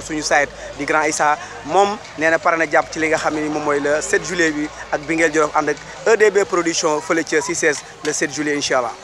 suñu site di Grand Issa moom nee na pare na jàpp ci li nga xam ne ni moom mooy la 7 juillet bi ak Bingel Jolof ànd ak EDB production fële ca CICES le 7 juillet incha allah.